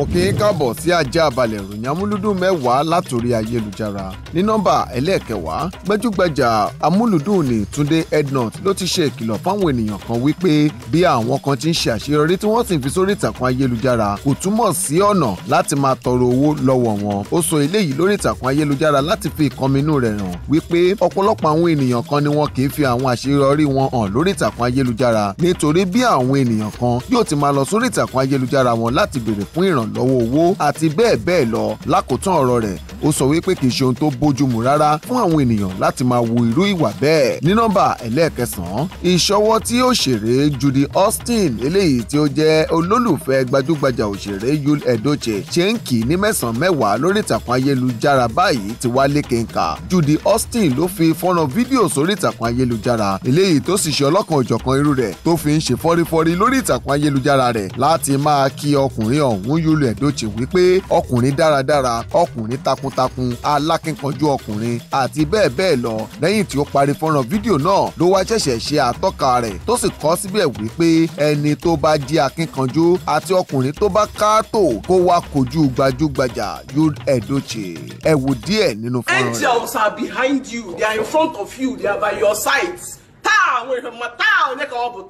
mo kí yín káàbọ̀ sí ajá balẹ̀ ìròyìn amúlùdùn mẹ́wàá látòrí ayélujára ní nọ́mbà ẹlẹ́ẹ̀kẹwàá gbẹ́júgbẹ́jà amúlùdùn ní Túndé Ednut ló ti ṣe ìkìlọ̀ fáwọn ènìyàn kan wípé bí àwọn kan ti ń ṣe àṣeyọrí tí wọ́n sì ń fi sórí ìtàkùn ayélujára kò túmọ̀ sí ọ̀nà láti máa tọrọ owó lọ́wọ́ wọn ó sọ eléyìí lórí ìtàkùn ayélujára láti fi ìkọminú rẹ̀ hàn wípé ọ̀pọ̀lọpọ̀ àwọn ni wọn kì í fi àwọn àṣeyọrí wọn hàn lórí ìtàkùn ayélujára nítorí bí àwọn ènìyàn kan yóò ti máa ìrànlọ́wọ́ owó àti bẹ́ẹ̀ bẹ́ẹ̀ lọ lákòótán ọ̀rọ̀ rẹ̀ ó sọ wípé kì í ṣe ohun tó bójúmu rárá fún àwọn ènìyàn láti máa wo irú ìwà bẹ́ẹ̀ ní nọ́mbà ẹlẹ́ẹ̀kẹsàn-án ìṣọwọ́ tí òṣèré Judy Austin eléyìí tí ó jẹ́ olólùfẹ́ gbajúgbajà òṣèré Yul Edochie ṣe ń kì í ní mẹ́sàn-án mẹ́wàá lórí ìtàkùn ayélujára báyìí ti wá lékenkà Judy Austin ló fi fọ́nà fídíò sórí ìtàkùn ayélujára eléyìí tó sì ṣe ọlọ́kan òjọ̀kan irú rẹ̀ tó fi ń ṣe fọ́rífọ́rí lórí ìtàkùn ayélujára rẹ̀ láti máa kí ọkùnrin ọ̀hún Yul Olú Ẹ̀dóchè wípé ọkùnrin dáradára ọkùnrin takuntakun alákínkanjú ọkùnrin àti bẹ́ẹ̀ bẹ́ẹ̀ lọ lẹ́yìn tí ó parí fọ́nrán fídíò náà ló wá ṣẹ̀ṣẹ̀ ṣe àtọ́ka rẹ̀ tó sì kọ síbẹ̀ wípé ẹni tó bá jí akínkanjú àti ọkùnrin tó bá káàtó kó wá kojú gbajúgbajà Olú Ẹ̀dóchè ẹ wò díẹ̀ nínú fọ́nrán rẹ̀. Angels are behind you they are in front of you they are by your sides taa àwọn èèyàn mọ̀ taa ọ̀nẹ́kọ̀ọ́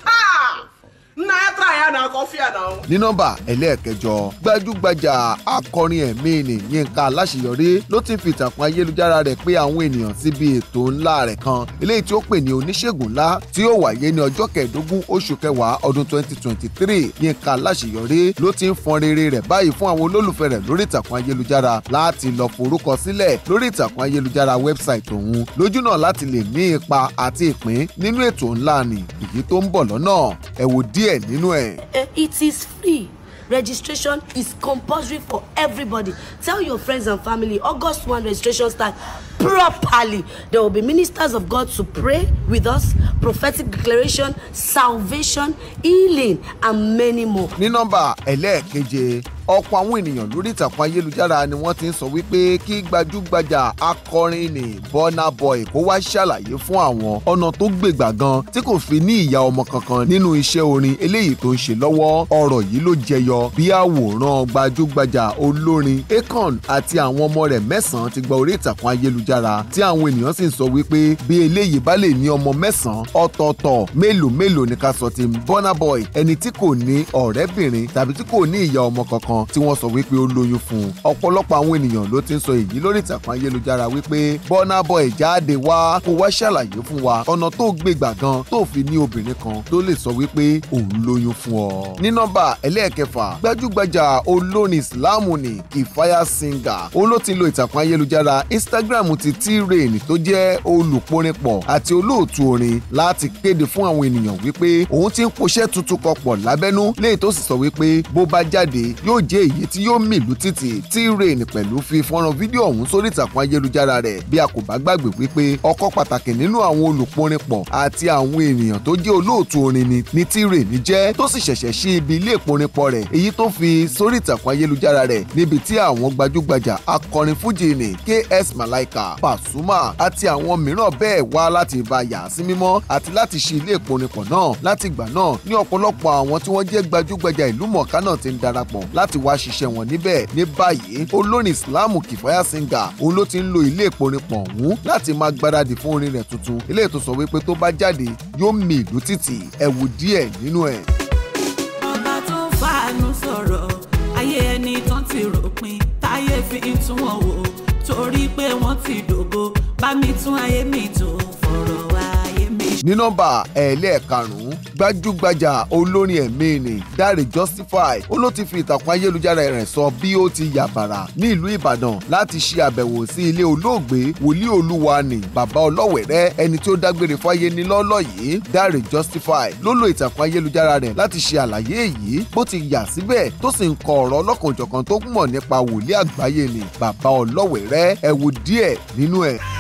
náírà yà náà kọfí àná. ní nọ́mbà ẹlẹ́ẹ̀kẹjọ gbajúgbajà akọrin ẹ̀mí ni Yínká Aláṣeyọrí ló ti fi ìtàkùn ayélujára rẹ̀ pé àwọn ènìyàn síbi ètò ńlá rẹ̀ kan eléyìí tí ó pè ní oníṣègùn ńlá tí ó wáyé ní ọjọ́ kẹẹ̀ẹ́dógún oṣù kẹwàá ọdún 2023 Yínká Aláṣeyọrí ló ti ń fọn rere rẹ̀ báyìí fún àwọn olólùfẹ́ rẹ̀ lórí ìtàkùn ayélujára láti lọ forúkọ sílẹ̀ lórí ìtàkùn ayélujára wẹ́bsáìtì òun lójúnà láti ni èyí tó ń bọ̀ lọ́nà ẹ díẹ̀ nínú ẹ̀. Eh, it is free registration is compulsory for everybody tell your friends and family august one registration start properly there will be ministers of god to pray with us prophetic declaration salvation healing and many more. ní nọ́mbà ẹlẹ́ẹ̀keje ọ̀pọ̀ àwọn ènìyàn lórí ìtàkùn ayélujára ni wọ́n ti ń sọ wípé kí gbajúgbajà akọrin ni Burna Boy kó wá ṣàlàyé fún àwọn ọ̀nà tó gbègbà gan tí kò fi ní ìyá ọmọ kankan nínú iṣẹ́ orin eléyìí tó ń ṣe lọ́wọ́ ọ̀rọ̀ yìí ló jẹyọ bí àwòrán gbajúgbajà olórin akon àti àwọn ọmọ rẹ̀ mẹ́sàn-án ti gba orí ìtàkùn ayélujára tí àwọn ènìyàn sì ń sọ wípé bí eléyìí bá lè ní ọmọ mẹ́sàn-án ọ̀tọ̀ọ̀tọ̀ mélòó mélòó ni ká sọ ti Burna Boy ẹni tí kò ní ọ̀rẹ́bìnrin tàbí tí kò ní ìyá ọmọ kankan kan tí wọ́n sọ wípé ó lóyún fún un ọ̀pọ̀lọpọ̀ àwọn ènìyàn ló ti ń sọ èyí lórí ìtàkùn ayélujára wípé Burna Boy jáde wá kó wá ṣàlàyé fún wa ọ̀nà tó gbé gbà gan tó fi ní obìnrin kan tó lè sọ wípé òun lóyún fún ọ. ní nọ́mbà ẹlẹ́ẹ̀kẹfà gbajúgbajà olórin ìsìláàmù ni ìfáyà singa òun ló ti lo ìtàkùn ayélujára Instagram ti T-Rain tó jẹ́ olùporinpọ̀ àti olóòtú orin láti kéde fún àwọn ènìyàn wípé òun ti ń poṣẹ́ tuntun kọpọ̀ lábẹ́nú léyìí tó sì sọ wípé bó bá jáde yóò yóò jẹ́ èyí tí yóò mìlú títì tí rain pẹ̀lú fi fọ́nrán fídíò ọ̀hún sórí ìtàkùn ayélujára rẹ̀ bí a kò bá gbàgbé wípé ọkọ̀ pàtàkì nínú àwọn olùpọnrin pọ̀ àti àwọn ènìyàn tó jẹ́ olóòtú orin ni ní tí rain jẹ́ tó sì ṣẹ̀ṣẹ̀ sí ibi ilé ìpọnrin pọ̀ rẹ̀ èyí tó fi sórí ìtàkùn ayélujára rẹ̀ níbi tí àwọn gbajúgbajà akọrin fújì ni KS Malaika Pasuma àti àwọn mìíràn bẹ́ẹ̀ wá láti bá yà sí mímọ́ àti láti ṣe ilé ìpọnrin pọ̀ náà láti ìgbà náà ní ọ̀pọ̀lọpọ̀ àwọn tí wọ́n jẹ́ gbajúgbajà ìlú mọ̀ọ́ká náà ti ń darapọ̀ láti láti wá ṣiṣẹ́ wọn níbẹ̀ ní báyìí olórin Islam Kifaya Singer òun ló ti ń lo ilé ìporinpọ̀ ọ̀hún láti máa gbáradì fún orin rẹ̀ tuntun eléyìí tó sọ wípé tó bá jáde yóò mì ìlú títì ẹ díẹ̀ nínú ẹ̀. ọba tó ń fàánú sọ̀rọ̀ ayé ẹni tán ti ròpin táyé fi ń tún wọn wò torí pé wọ́n ti dògo bá mi tún ayé mi tó fọ̀rọ̀ wá ayé mi. ní nọ́mbà ẹ̀ẹ́lẹ́ẹ̀karùn-ún gbajúgbajà olórin ẹ̀mí ni Dare Justify ó ló ti fi ìtàkùn ayélujára rẹ̀ sọ bí ó ti yàbàrà ní ìlú Ìbàdàn láti ṣe àbẹ̀wò sí ilé olóògbé wòlíì olúwa ni bàbá ọlọ́wẹ̀rẹ́ ẹni tí ó dágbére fáyé ni lọ́lọ́ yìí Dare Justify ló lo ìtàkùn ayélujára rẹ̀ láti ṣe àlàyé èyí bó ti yà síbẹ̀ tó sì ń kọ ọ̀rọ̀ ọlọ́kanòjọ̀kan tó mọ̀ nípa wòlíì àgbáyé ni bàbá ọlọ́wẹ̀rẹ́ ẹ wo díẹ̀ nínú ẹ̀.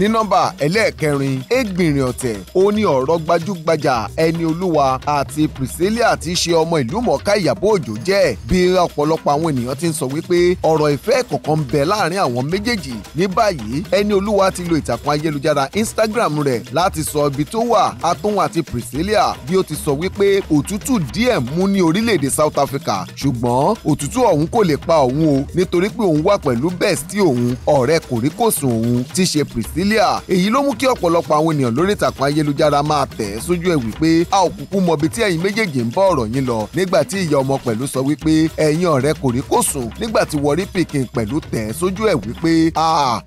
ní nọ́mbà ẹlẹ́ẹ̀kẹrin ẹgbìnrin ọ̀tẹ̀ ó ní ọ̀rọ̀ gbajúgbajà ẹni olúwa àti Priscilla tí í ṣe ọmọ ìlú mọ̀ọ́ká Ìyábọ̀ Òjó jẹ́ bí ọ̀pọ̀lọpọ̀ àwọn ènìyàn ti ń sọ wípé ọ̀rọ̀ ìfẹ́ kọ̀ọ̀kan ń bẹ láàrin àwọn méjèèjì ní báyìí ẹni olúwa ti lo ìtàkùn ayélujára Instagram rẹ̀ láti sọ ibi tó wà atóhun àti Priscilla bí ó ti sọ wípé òtútù díẹ̀ mú ní orílẹ̀-èdè South Africa ṣùgbọ́n òtútù ọ̀hún kò lè pa òun o nítorí pé òun wà pẹ̀lú bestie òun ọ̀rẹ́ kòríkòsùn òun ti ṣe Priscilla Australia èyí ló mú kí ọ̀pọ̀lọpọ̀ àwọn ènìyàn lórí ìtàkùn ayélujára máa tẹ̀ ẹ́ sójú ẹ̀ wípé a ò kúkú mọ ibi tí ẹ̀yin méjèèjì ń bá ọ̀rọ̀ yín lọ nígbà tí ìyá ọmọ pẹ̀lú sọ wípé ẹ̀yin ọ̀rẹ́ kò rí kò sùn nígbà tí wọ́rí pikin pẹ̀lú tẹ̀ ẹ́ sójú ẹ̀ wípé a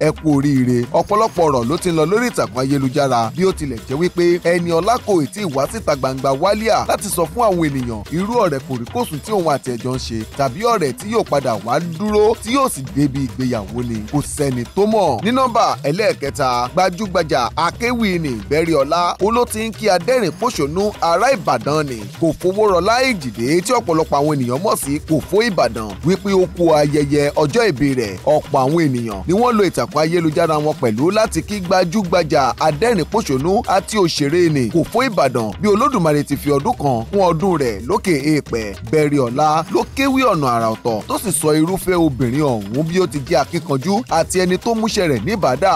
ẹ kú oríire ọ̀pọ̀lọpọ̀ ọ̀rọ̀ ló ti lọ lórí ìtàkùn ayélujára bí ó tilẹ̀ jẹ́ wípé ẹni ọlá kò tí ì wá síta gbangba wálíà láti sọ fún àwọn ènìyàn irú ọ̀rẹ́ kò rí kò sùn tí òun àti ẹ̀jọ́ ń ṣe tàbí ọ̀rẹ́ tí yóò padà wá dúró tí yóò sì débi ìgbéyàwó ni kò sẹ́ni tó mọ̀ ní nọ́mbà ẹlẹ́ẹ̀kẹta gbajúgbajà akéwì ni ìbẹ́ríọlá ó ló ti ń kí adẹ́rìn pòṣónú ará ìbàdàn ni kò fowó rọlá èjìdé tí ọ̀pọ̀lọpọ̀ àwọn ènìyàn mọ̀ sí kò fó ìbàdàn wípé ó kú ayẹyẹ ọjọ́ ìbí rẹ̀ ọ̀pọ̀ àwọn ènìyàn ni wọ́n lo ìtàkùn ayélujára wọn pẹ̀lú láti kí gbajúgbajà adẹ́rìn pòṣónú àti òṣèré ni kò fó ìbàdàn bí olódùmarè ti fi ọdún kan kún ọdún rẹ̀ lókè èèpẹ̀ bẹ́ríọlá ló kéwì ọ̀nà àrà ọ̀tọ̀ tó sì sọ irúfẹ́ obìnrin ọ̀hún bí ó ti jẹ́ akíkanjú àti ẹni tó múṣẹ́ rẹ̀ níbàdà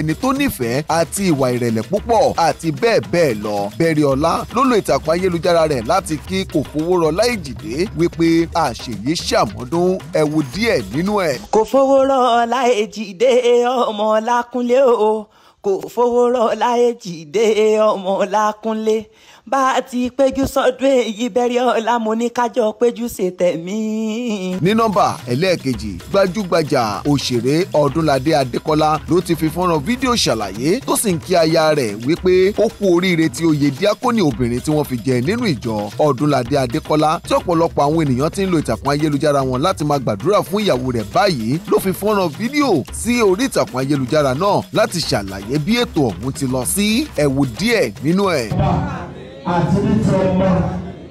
ẹni tó nífẹ̀ẹ́ àti ìwà ìrẹ̀lẹ̀ púpọ̀ àti bẹ́ẹ̀ bẹ́ẹ̀ lọ bẹ̀rẹ̀ọ́lá ló lo ìtàkùn ayélujára rẹ̀ láti kí kòfowórọlá èjìdé wípé àṣeyí ṣàmọ́dún ẹ díẹ̀ nínú ẹ̀. kòfowórọlá èjìdé ọmọ lákúnlé o kòfowórọlá èjìdé ọmọ lákúnlé bá a ti péjú sọ́dún èyí bẹ̀rẹ̀ ọ̀la mo ní kájọ péjú ṣe tẹ̀mí. ní nọ́mbà ẹlẹ́ẹ̀kejì gbajúgbajà òṣèré ọdúnladé adékọlá ló ti fi fọ́nrán fídíò ṣàlàyé tó sì ń kí aya rẹ̀ wípé ó kú oríire tí oyè díákónì obìnrin tí wọ́n fi jẹ nínú ìjọ ọdúnladé adékọlá tí ọ̀pọ̀lọpọ̀ àwọn ènìyàn ti ń lo ìtàkùn ayélujára wọn láti máa gbàdúrà fún ìyàwó rẹ̀ báyìí ló fi fọ́nrán fídíò sí àti nítorí ọmọ.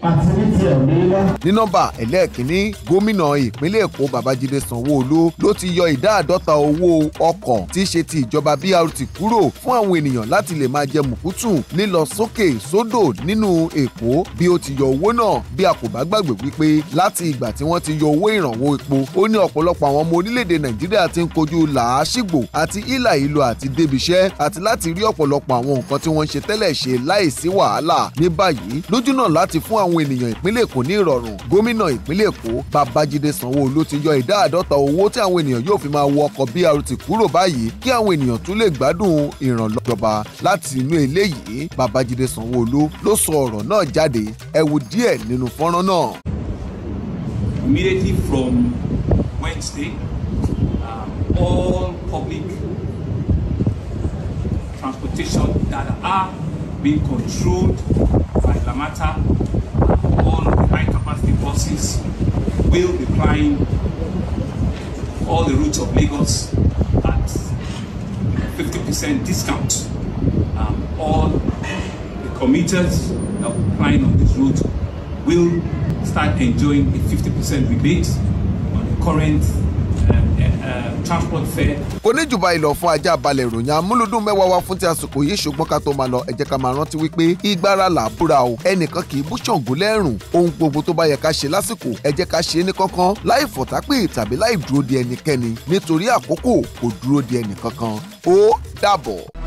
àti ní ti ẹ̀mí iná. ní nọ́mbà ẹlẹ́ẹ̀kínní gómìnà ìpínlẹ̀ èkó babájídé sanwó-olú ló ti yọ ìdá àádọ́ta owó ọkọ̀ tí í ṣe ti ìjọba brt kúrò fún àwọn ènìyàn láti lè máa jẹ mùkútù lílọ sókè sódò nínú èkó bí ó ti yọ owó náà bí a kò bá gbàgbé wípé láti ìgbà tí wọ́n ti yọ owó ìrànwọ́ epo ó ní ọ̀pọ̀lọpọ̀ àwọn ọmọ orílẹ̀-èdè nàìjíríà ti ń kojú làásìgbò àti ìlà ìlò àti débiṣẹ́ àti láti rí ọ̀pọ̀lọpọ̀ àwọn nǹkan tí wọ́n ń ṣe tẹ́lẹ̀ ṣe láìsí wàhálà ní báyìí lójúnà láti fún àwọn àwọn ènìyàn ìpínlẹ̀ Èkó ní ìrọ̀rùn gómìnà ìpínlẹ̀ Èkó Babájídé Sanwó-Olú ti yọ ìdá àádọ́ta owó tí àwọn ènìyàn yóò fi máa wọ ọkọ̀ BRT kúrò báyìí kí àwọn ènìyàn tún lè gbádùn ìrànlọ́wọ́ láti inú eléyìí Babájídé Sanwó-Olú ló sọ ọ̀rọ̀ náà jáde ẹ díẹ̀ nínú fọ́nrán náà. Immediately from Wednesday, uh, all public transportation that are being controlled all on high capacity buses will be plying all the routes of Lagos at 50% discount. Um, all the commuters that will plying on this route will start enjoying a 50% rebate on the current transport fare. kò ní jù báyìí lọ fún ajá balẹ̀ ìròyìn amúlùdùn mẹ́wàá wa fún ti àsìkò yìí ṣùgbọ́n ká tó máa lọ ẹ jẹ́ ká máa rántí wípé ìgbára là búra o ẹnìkan kì í bú ṣàngó lẹ́rùn ohun gbogbo tó bá yẹ ká ṣe lásìkò ẹ ká ṣe é ní kánkán láì fọ̀tápè tàbí láì dúró de ẹnikẹ́ni nítorí àkókò kò dúró de ẹnìkankan ó dàbọ̀.